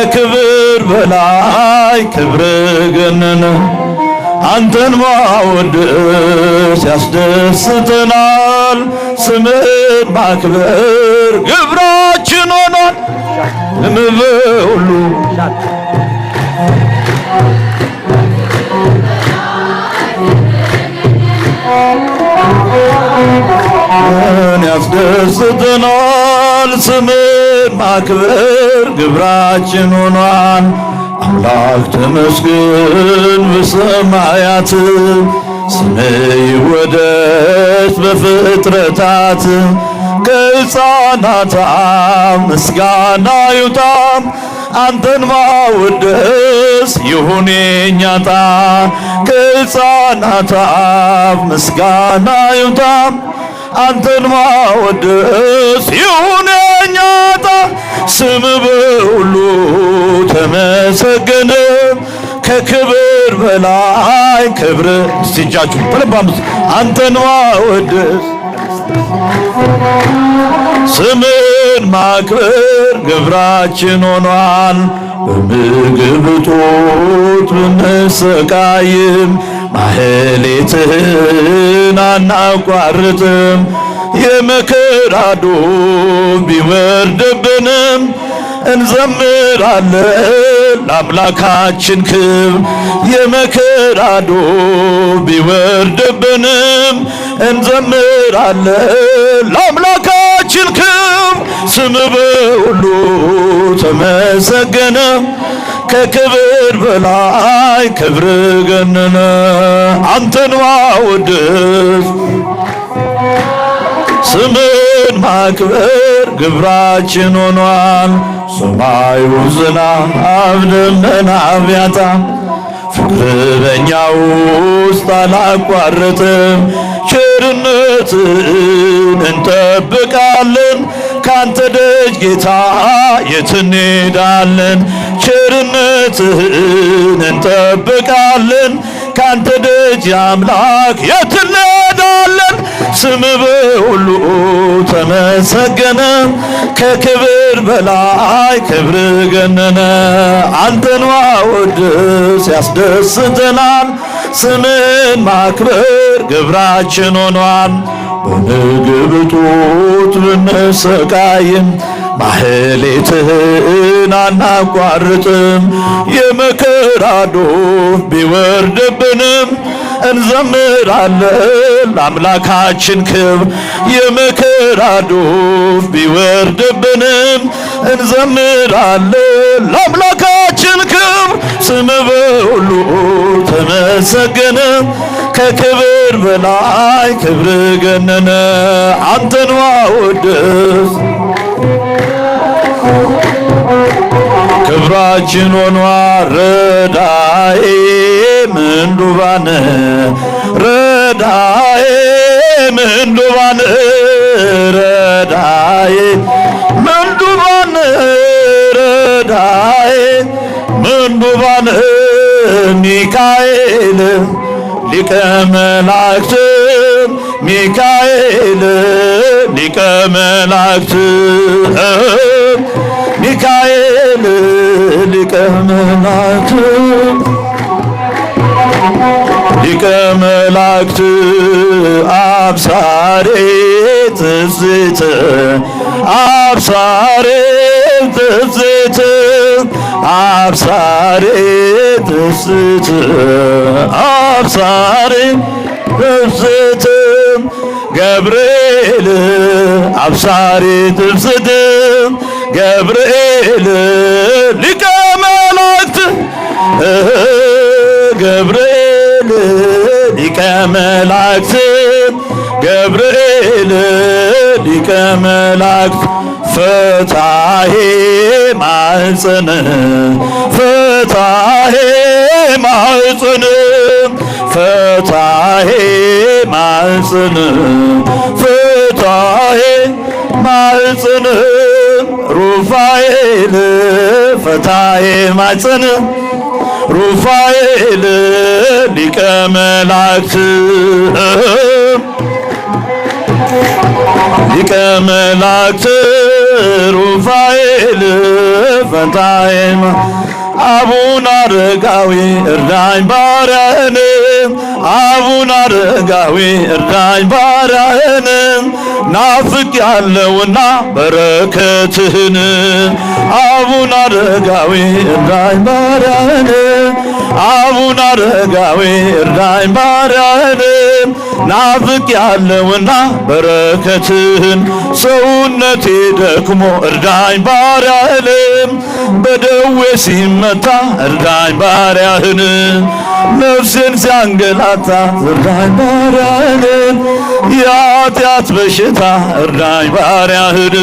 ከክብር በላይ ክብር ገነነ አንተን ማወደስ ያስደስተናል። ስምን ማክበር ግብራችን ሆኗል። እምበ ያስደስተናል ስምን ማክበር ግብራችን ሆኗል። አምላክ ተመስገን በሰማያት ስም ይወደስ በፍጥረታት ከሕፃናት ምስጋና ይውጣ አንተን ማወደስ ይሁን የኛ ዕጣ ከሕፃናት ምስጋና ይውጣ አንተን ማወደስ ስም በሁሉ ተመሰገነ ከክብር በላይ ክብር ሲጃችሁ አንተን ማወደስ ስምን ማክበር ግብራችን ሆኗል። በምግብ እጦት ብንሰቃይም ማህሌትህን አናቋርጥም። የመከራ ዶም ቢወርድብንም እንዘምራለን ለአምላካችን ክብር። የመከራ ዶም ቢወርድብንም እንዘምራለን ለአምላካችን ክብር። ስም በሁሉ ተመሰገነ፣ ከክብር በላይ ክብር ገነነ። አንተን ማወደስ ስምን ማክበር ግብራችን ሆኗል። ሰማዩ ዝናብ ደመና አብያታ ፍቅር በእኛ ውስጥ አላቋረጥም። ቸርነትን እንጠብቃለን ካንተ ደጅ ጌታ የት እንሄዳለን? ቸርነትህን እንጠብቃለን። ካንተ ደጅ አምላክ የት እንሄዳለን? ስም በሁሉ ተመሰገነ፣ ከክብር በላይ ክብር ገነነ። አንተን ማወደስ ያስደስተናል፣ ስምን ማክበር ግብራችን ሆኗል። በንግብቶት ብንሰቃይም ማህሌትህን አናቋርጥም። የመከራ ዶፍ ቢወርድብንም እንዘምራለን አምላካችን ክብ የመከራ ዱፍ ቢወርድብንም እንዘምራለን ለአምላካችን ክብ ስም በሁሉ ተመሰገነ ከክብር በላይ ክብር ገነነ አንተን ዋወድስ ክብራችን ሆኗ ረዳዬ ምንዱባን ረዳዬ ምንዱባን ረዳዬ ምንዱባን ረዳዬ ምንዱባን ሚካኤል ሊቀ መላእክት ሚካኤል ሊቀ መላእክት ሚካኤል ሊቀ መላእክት ሊቀ መላእክት አብሳሬ ትዝት አብሳሬ ትዝት አብሳሬ ትዝት አብሳሬ ትዝት ገብርኤል አብሳሬ ትዝት ገብርኤል ሊቀ መላእክት ሊቀ መላእክት ገብርኤል ሊቀ መላእክት ፍታሄ ማሕፀን ፍታሄ ማሕፀን ፍታሄ ማሕፀን ፍታሄ ማሕፀን ሩፋኤል ፍታሄ ማሕፀን ሩፋኤል ሊቀ መላእክት ሊቀ መላእክት ሩፋኤል ፈንታዬማ አቡነ አረጋዊ እርዳኝ ባሪያህን አቡነ አረጋዊ እርዳኝ ባሪያህን ናፍቅ ያለውና በረከትህን አቡነ አረጋዊ እርዳኝ ባሪያን አቡነ አረጋዊ እርዳኝ ባሪያን ናፍቅ ያለውና በረከትህን ሰውነቴ ደክሞ እርዳኝ ባሪያህን በደዌ ሲመታ እርዳኝ ባሪያህን ነፍሴን ሲያንገላታት እርዳኝ ባሪያህን፣ የኃጢአት በሽታ እርዳኝ ባሪያህን፣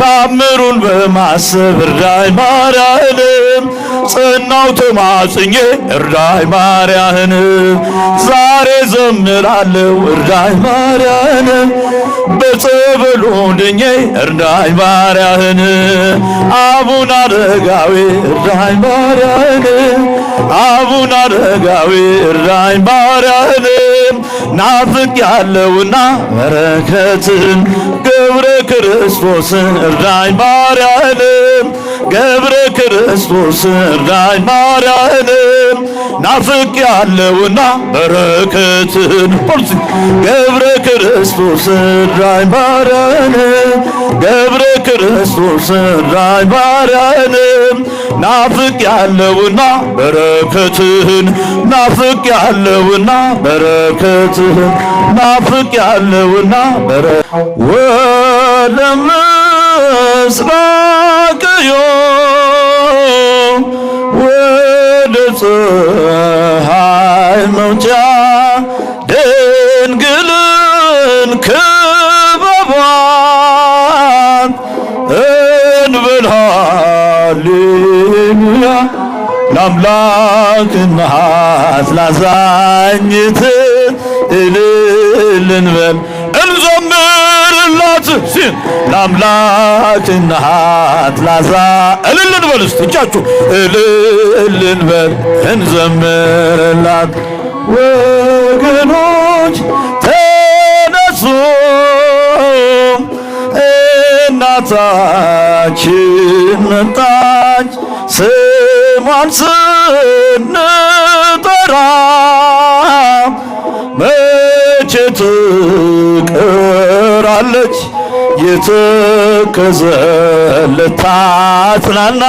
ታምሩን በማሰብ እርዳኝ ባሪያህን፣ ጽናው ተማጽኜ እርዳኝ ባሪያህን፣ ዛሬ ዘምራለሁ እርዳኝ ባሪያህን፣ በጸበሉ ድኜ እርዳኝ ባሪያህን፣ አቡነ አረጋዊ እርዳኝ ባሪያህን፣ አቡነ አረጋዊ እራኝ ባርያህን ናፍቅ ያለውና በረከትን ገብረ እራኝ ገብረ ክርስቶስን እራኝ ባርያህን ናፍቅ ያለውና በረከትን ገብረ እራኝ ገብረ የክርስቶስ ራይ ናፍቅ ያለውና በረከትህን ናፍቅ ያለውና በረከትህን ናፍቅ ያለውና በረ ወደ ወደ ፀሐይ መውጫ ጸልዩ ለአምላክ ነሃት ላዛኝት እልል እንበል እንዘምርላት ሲን ለአምላክ ነሃት ላዛ እልል እንበል እስቲ እጃችሁ እልል እንበል እንዘምርላት ወገኖች ተነሱ እናታ ነጣችን መጣች ስሟን ስንጠራ መቼ ትቀራለች የተከዘለታትናና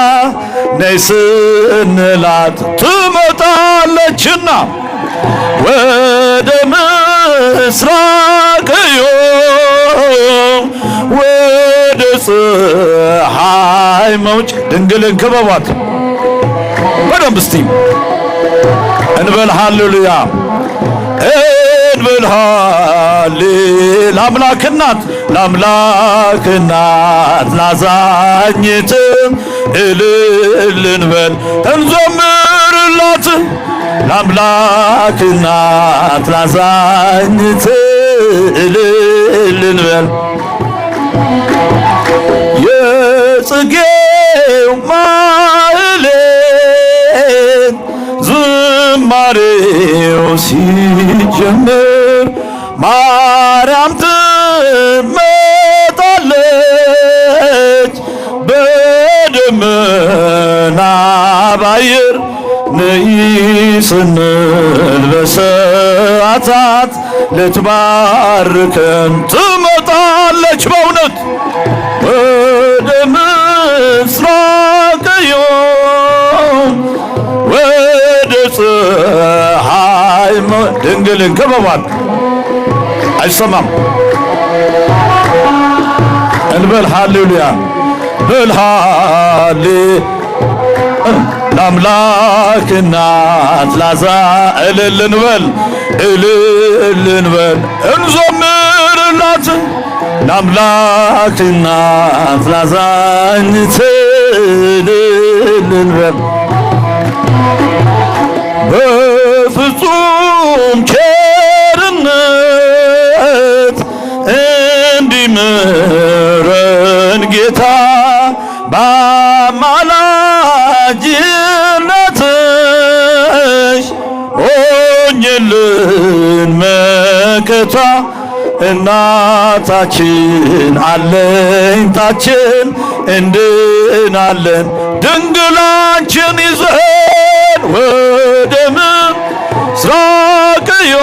ነይ ስንላት ትመጣለችና ወደ ምስራ የፀሐይ መውጭ ድንግልን ክበቧት በደንብ እስቲ እንበል ሃሌሉያ እንበል ሃሌ ለአምላክናት ለአምላክናት ላዛኝትም እልል እንበል እንዘምርላት ለአምላክናት ላዛኝት እልል እንበል የጽጌው ማህሌት ዝማሬው ሲጀምር ማርያም ትመጣለች በደመና ባይር ነይ ስንል በሰ ሰዓታት ልትባርከን ትመጣለች በእውነት ወደ ምስራቅ ዮም ወደ ፀሐይ ድንግልን ከበቧል አይሰማም እንበል ሃሌሉያ በል ሃሌ ለአምላክ እናት ላዛ እልል እንበል እልል እንበል እንዘምርላት ለአምላክ እናት ላዛ እልል እንበል በፍጹም ቸርነት እንዲምረን ጌታ ባማላ ወዳጅነትሽ ሆኝልን መከታ እናታችን አለኝታችን እንድናለን ድንግላችን ይዘን ወደ ምስራቅዮ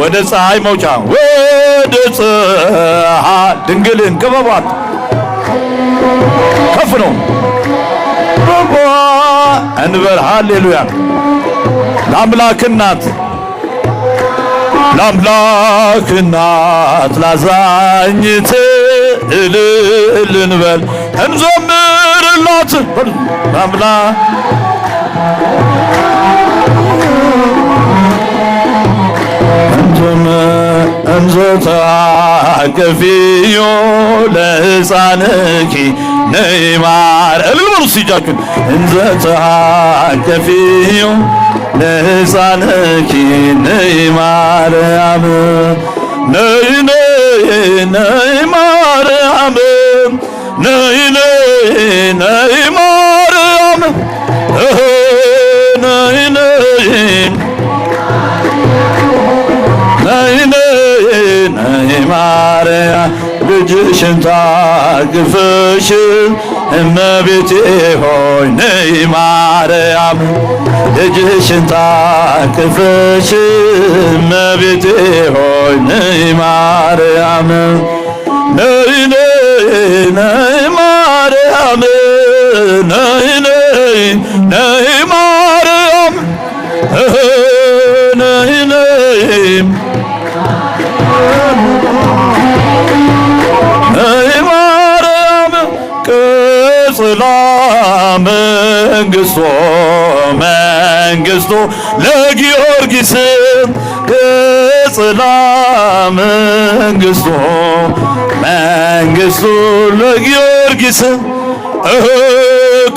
ወደ ፀሐይ መውጫ ወደ ፀሐይ ድንግልን ክበቧት ከፍ ነው። እንበል። ሃሌሉያ ለአምላክ እናት ለአምላክ እናት ላዛኝት እልል እንበል እንዘምርላት ለአምላክ እንዞታ ከፊዮ ለሕፃንኪ ነይማር እልል በሉ ሲጃችሁን እንዘታ ከፊዮ ለሕፃንኪ ነይማርያም ነይ ነይ ነይ ማርያም ነይ ነይ ነይ ማርያም ነይ ነይ ነይ ነይ ማርያም ልጅሽን ታቅፈሽ እመቤቴ ሆይ ነይ ማርያም ልጅሽን ታቅፈሽ እመቤቴ ሆይ ነይ ማርያም ነይ ነይ ማርያም ነይ ነይ ነይ ማርያም ነይ ነይ la mengistu mengistu ለጊዮርጊስ ቅጽላ መንግስቱ መንግስቱ ለጊዮርጊስ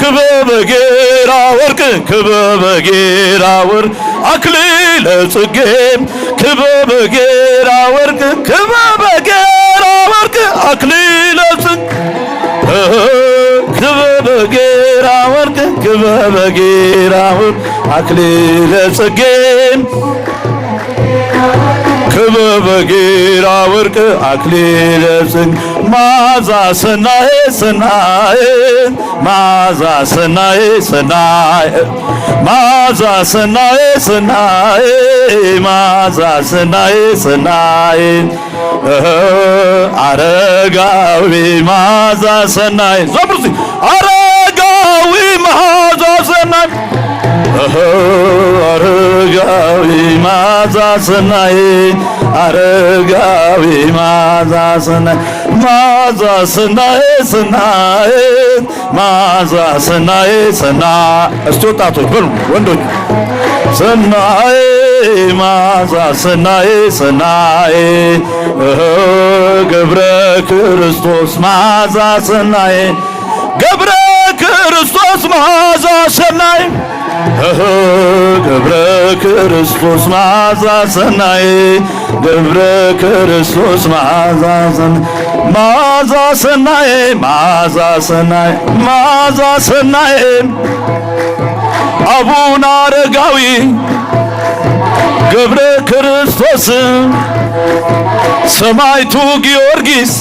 ክበበ ጌራ ወርቅ ክበበ ጌራ ወርቅ አክሊለ ጽጌ ክበበ ጌራ ወርቅ ክበ ክበበ ጌራሁን አክሊለ ጽጌን ክበበ ጌራ ወርቅ አክሊለ ጽጌ ማዛ ሰናይ ሰናይ ማዛ ሰናይ ሰናይ ማዛ ሰናይ ሰናይ ማዛ ሰናይ ሰናይ አረጋዊ ማዛ ሰናይ ዘብርዚ አረጋዊ ማዛ አረጋዊ ማዛ ሰናይ አረጋዊ ማዛ ሰናይ ማዛ ሰናይ ስናይ ማዛ ስናይ ስና እስቲ ወጣቶች በሉ ወንዶች ሰናይ ማዛ ሰናይ ሰናይ ገብረ ክርስቶስ ማዛ ሰናይ ገብረ ክርስቶስ መዓዛ ሰናይ ገብረ ክርስቶስ መዓዛ ሰናይ ገብረ ክርስቶስ መዓዛ ሰናይ መዓዛ ሰናይ መዓዛ ሰናይ መዓዛ ሰናይ አቡነ አረጋዊ ገብረ ክርስቶስ ሰማይቱ ጊዮርጊስ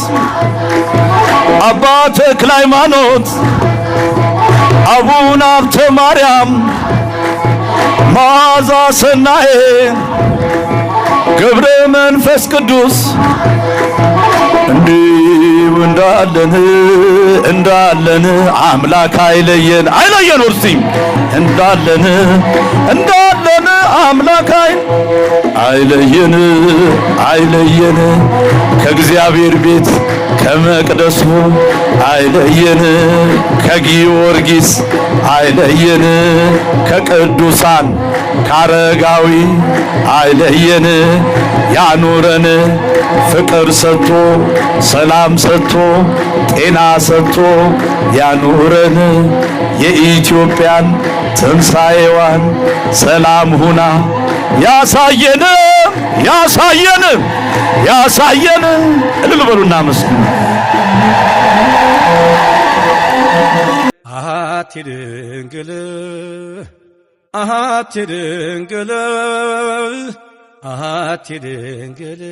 አባ ተክለ ሃይማኖት፣ አቡነ ሀብተ ማርያም፣ መዓዛ ሰናዬ፣ ገብረ መንፈስ ቅዱስ እንዲሁ እንዳለን እንዳለን አምላክ አይለየን አይለየን ወርሲ እንዳለን እንዳለን አምላክ አይለየን አይለየን ከእግዚአብሔር ቤት ከመቅደሱ አይለየን፣ ከጊዮርጊስ አይለየን፣ ከቅዱሳን ካረጋዊ አይለየን። ያኑረን ፍቅር ሰጥቶ ሰላም ሰጥቶ ጤና ሰጥቶ ያኑረን። የኢትዮጵያን ትንሣኤዋን ሰላም ሁና ያሳየንም ያሳየንም ያሳየንም እልል በሉና መስግኑ። አሃቲ ድንግል አሃቲ ድንግል አሃቲ ድንግል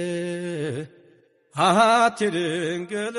አሃቲ ድንግል